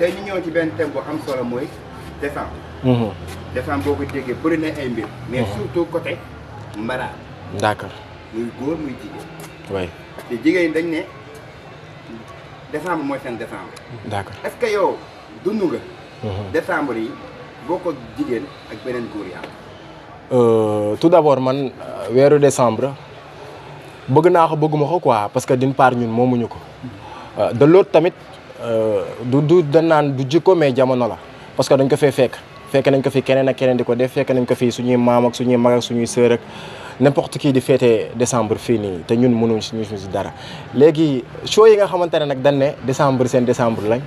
tey ñu ñëw ci benn thème bu am solo mooy décembre. Mhm. décembre boo ko déggee bëri na ay mbir. Mhm. mais surtout kote mbaraan. d' accord muy góor muy jigéen. oui te jigéen dañ ne décembre mooy seen décembre. d' accord est ce que yow dund nga. Mhm. décembre yi boo ko jigéen ak beneen góor yàlla. Euh, tout d' abord man euh, weeru décembre bëgg naa ko bëgguma ko quoi parce que d'une part ñun moomuñu ko euh, de l'autre tamit. Euh, du du dañ naan du jikko mais jamono la parce que dañ ko fee fekk fekk nañ ko fi keneen ak keneen di ko def fekk nañ ko fi suñuy maam ak suñuy mag ak suñuy sœur ak n'importe qui di féetee décembre fii nii te ñun mënuñ si ñu dara. léegi show yi nga xamante ne nag dañ ne décembre seen décembre lañ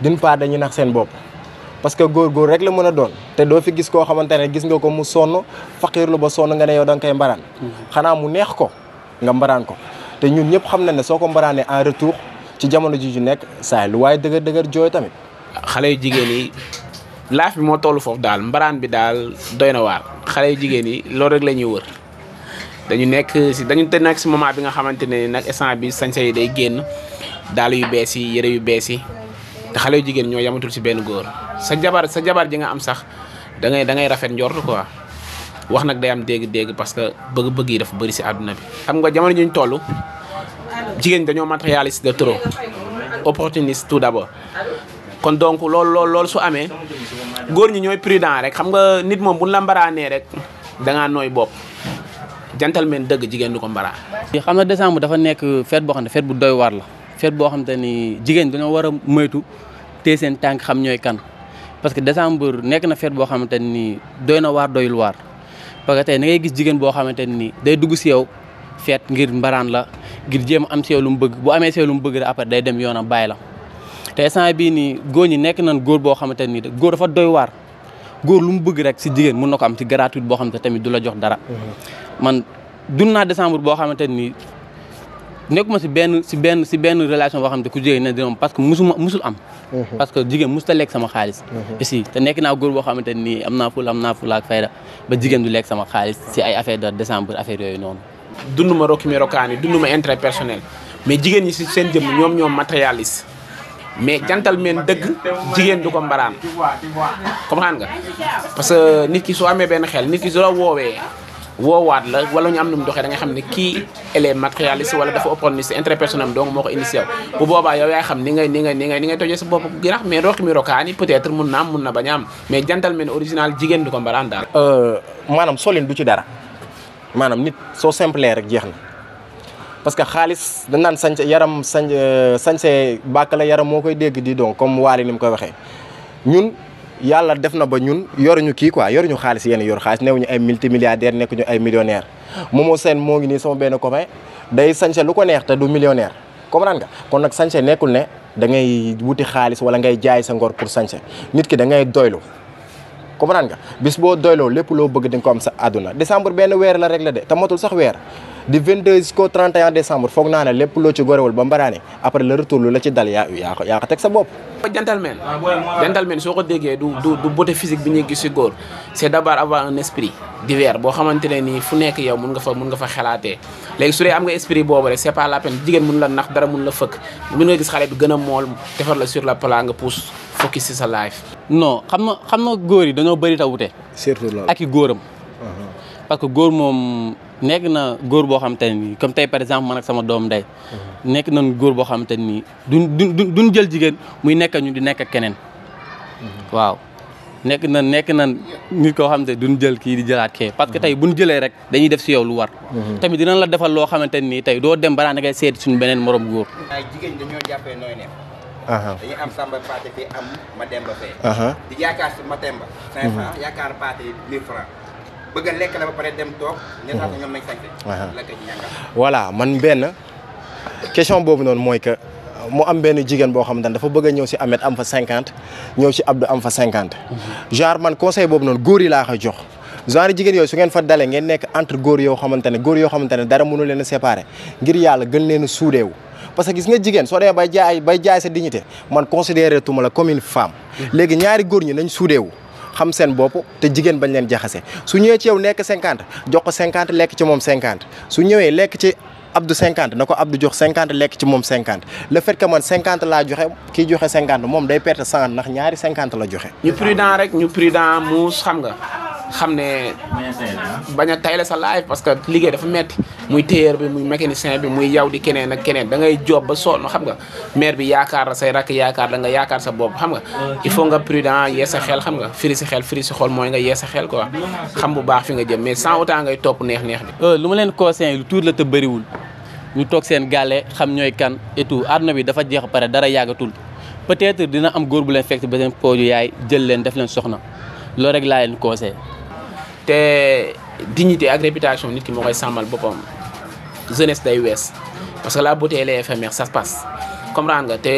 d'une part dañuy nax seen bopp parce que góor góor rek la mën a doon te doo fi gis koo xamante ne gis nga ko mu sonn faqiir lu ba sonn nga ne yow da nga koy mbaraan. Mm-hmm. xanaa mu neex ko nga mbaraan ko te ci jamono ji ju nekk saa lu waaye dëgër dëgër jooy tamit. xale yu jigéen yi laaf bi moo tollu foofu daal mbaraan bi daal doy na waar xale yu jigéen yi loolu rek la ñuy wër dañu nekk si dañu te nekk si moment bi nga xamante ne nag instant bi sañse yi day génn daal yu bees yi yëre yu bees yi te xale yu jigéen ñoo yamatul si benn góor sa jabar sa jabar ji nga am sax dangay da ngay rafet njort quoi wax nag day am dégg-dégg parce que bëgg-bëgg yi dafa bëri si àdduna bi. xam nga jamono ji ñu jigéen ñi dañoo matérialiste de trop opportuniste tout d'abord kon donc loolu loolu loolu su amee góor ñi ñooy prudent rek xam nga nit moom bu ñu la mbaraanee rek da nooy bopp gentleman dëgg jigéen du ko mbaraa. xam na décembre dafa nekk fête boo xam ne fête bu doy waar la feet boo xam te ni jigéen dañoo war a moytu te seen tànk xam ñooy kan parce que décembre nekk na feet boo xamante ni doy na waar doyul waar parce que tey da ngay gis jigéen boo xamante ni day dugg si yow feet ngir mbaraan la ngir jéem am see lu mu bëgg bu amee see lu mu bëgg rek après day dem yoonam bàyyi la te instant bii nii góor ñi nekk nañ góor boo xamante ni góor dafa doy waar góor lu mu bëgg rek si jigéen mun na ko am si gratuite boo xam te tamit du la jox dara. Mm-hmm. man dund naa décembre boo xam xamante ni nekkuma si benn si benn si benn relation boo xamante ku jigéen ne dina parce que musuma musul am. Mm-hmm. parce que jigéen musul a lekk sama xaalis. aussi mm-hmm. te nekk naa góor boo xamante ni am naa fula am naa fula ak fayda ba jigéen du lekk sama xaalis si ay affaire de décembre affaire yooyu noonu. dund ma rokki mi rokaan ma intérêt personnel mais jigéen ñi si seen jëm ñoom ñoom matérialiste jantal gentleman dëgg jigéen du ko mbaraan comprendre nga parce que nit ki soo amee benn xel nit ki su la woowee woowaat la wala ñu am nu mu xam ne kii elle est matérialiste wala dafa opportuniste intérêt personnel donc moo ko initié bu boobaa yow yaay xam ni ngay ni ngay ni ngay ni ngay tojee sa bopp girax mais rokki mi rokaani peut être mun na am mun na bañ a am mais gentleman original jigéen du ko mbaraan daal euh, maanaam solin du ci dara maanaam nit soo simple rek jeex na parce que xaalis dañ naan sañse yaram sañ euh, sañse bàkk la yaram moo koy dégg di donc comme waali ni mu koy waxee ñun yàlla def na ba ñun yoruñu kii quoi yoruñu xaalis yéen yor xaalis newuñu ay multimilliardaire nekkuñu ay millionnaire moomoo seen moo ngi nii sama benn copain day sañse lu ko neex te du millionnaire comprendre nga kon nag sañse nekkul ne dangay wuti xaalis wala ngay jaay sa ngor pour sañse nit ki da ngay doylu comprendre nga bis boo doyloo lépp loo bëgg di nga ko am sa àdduna décembre benn weer la rek la de te motul sax weer du 22 jusqu'au 31 décembre foog naa lépp loo ci gorewul ba mbaraane après le retour la ci dal yaa yaa ko bopp. gentleman gentleman soo ko déggee du du physique bi ñuy gis si góor c'est d'abord avoir un esprit divers boo xamante ne nii fu nekk yow mun nga fa mun nga fa xalaatee léegi su am nga esprit boobu rek c'est pas la peine jigéen a mool defar la sur la focus si sa life. non xam nga xam nga góor yi dañoo bëri ta wute. surtout loolu ak i góoram. Uh-huh. parce que góor moom nekk na góor boo xam te nii comme tey par exemple man ak sama doom ndey. Uh-huh. nekk nañ góor boo xam te nii duñ duñ duñ jël jigéen muy nekk ñu di nekk ak keneen. Uh-huh. waaw nekk na nekk na nit koo xam te duñ jël kii di jëlaat kee. parce que tey bu buñ jëlee rek dañuy def si yow lu war. tamit dinañ la defal loo xamante nii tey doo dem balaa nga seet suñu beneen morom góor. dañuy am Samba mhm. mhm. man benn question boobu noonu mooy que mu am benn jigéen boo xam ne dafa bëgg ñëw si Ahmed am fa cinquante ñëw si Abdou am fa cinquante mhm. genre man conseil boobu noonu góor yi a jox genre jigéen yooyu su ngeen fa dalee ngeen nekk entre góor yoo xamante ne góor yoo xamante ne dara mënu leen a séparer ngir yàlla gën leen a suudeewu parce que gis nga jigéen soo demee bay jaay bay jaay sa dignité man considéré tuma la comme une femme léegi ñaari góor ñi nañ suudeewu xam seen bopp te jigéen bañ leen jaxase su ñëwee ci yow nekk cinquante jox ko cinquante lekk ci moom cinquante su ñëwee lekk ci Abdou cinquante na ko Abdou jox cinquante lekk ci moom cinquante le fait que man cinquante laa joxe ki joxe cinquante moom day perte cent ndax ñaari cinquante la joxe. ñu prudent rek ñu prudent mu xam nga. xam ne bañ a ah. tayle sa live parce que liggéey dafa metti muy téyeur bi muy mécanicien bi muy yow di keneen ak keneen da ngay job ba sonn xam nga mair bi yaakaar la say rakk yaakaar la nga yaakaar sa bopp xam nga il faut nga prudent yee sa xel xam nga firi si xel firi si xol mooy nga yee sa xel quoi xam bu baax fi nga jëm mais sans autant ngay topp neex-neex bi euh, lu ma leen conseil lu tuur la te bëriwul ñu toog seen gàlle xam ñooy kan et tout bi dafa jeex pare dara yàggatul peut-être dina am góor bu leen fekk ba seen pooju yaay jël leen def leen soxna loolu rek laa leen conseillé te dignité ak réputation nit ki moo koy sàmmal boppam jeunesse day wees parce que la beauté elle est éphémère ça se passe nga te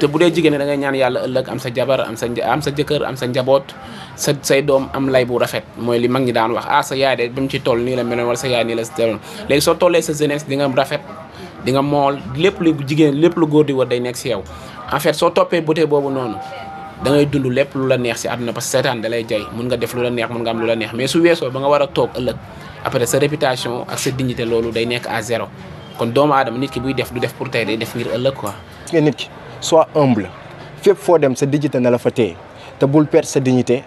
te bu dee jigéen da ngay ñaan yàlla ëllëg am sa jabar am sa am sa jëkkër am sa njaboot sa say doom am lay bu rafet mooy li mag ñi daan wax ah sa yaay de ba mu ci toll nii la meloon wala sa yaay nii la si teeloon léegi soo tollee sa jeunesse di nga rafet di nga mool lépp lu jigéen lépp lu góor di war day nekk si yow en fait soo toppee beauté boobu noonu da ngay dund lépp lu la neex si àdduna na que seetaan dalay lay jay mun nga def lu la neex mun nga am lu la neex mais su weesoo ba nga war a toog ëllëg après sa réputation ak sa dignité loolu day nekk à zéro kon doomu aadama nit ki buy def du def pour tey day def ngir ëllëg ko nga nit ki sois humble fépp foo dem sa dignité na la fa téye te bul perdre sa dignité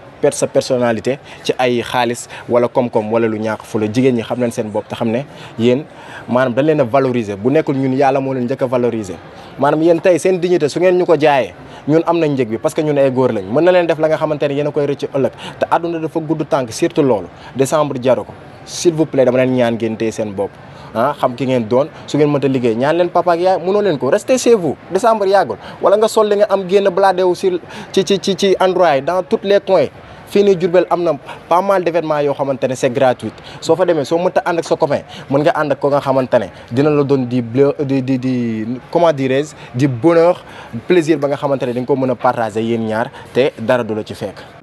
personnalité ci ay xaalis wala koom-koom wala lu ñaax fu la jigéen ñi xam nañ seen bopp te xam ne yéen maanaam da leen a valoriser bu nekkul ñun yàlla moo leen njëkk a valoriser maanaam yéen tey seen su ngeen ñu ko jaayee ñun am nañ njeg bi parce que ñun ay góor lañ mën na leen def la nga xamante ne yéen a koy rëcc ëllëg te àdduna dafa gudd tànk surtout loolu décembre jaru ko s'il vous plaît dama leen ñaan ngeen téye seen bopp ah xam ki ngeen doon su ngeen mënta liggéey ñaan leen papa ak yaay mënoo leen ko restez chez vous décembre yàggul wala nga sol li nga am génn bladé wu ci ci ci ci endroit yi dans toutes les coins fii nii Diourbel am na pas mal d'événements yoo xamante ne c'est gratuit soo fa demee soo mënta ànd ak sa copain mën nga ànd ak ko nga xamante ne dina la doon di bleu di di di comment dirais di bonheur plaisir ba nga xamante ne di nga ko mën a partager yéen ñaar te dara du la ci fekk.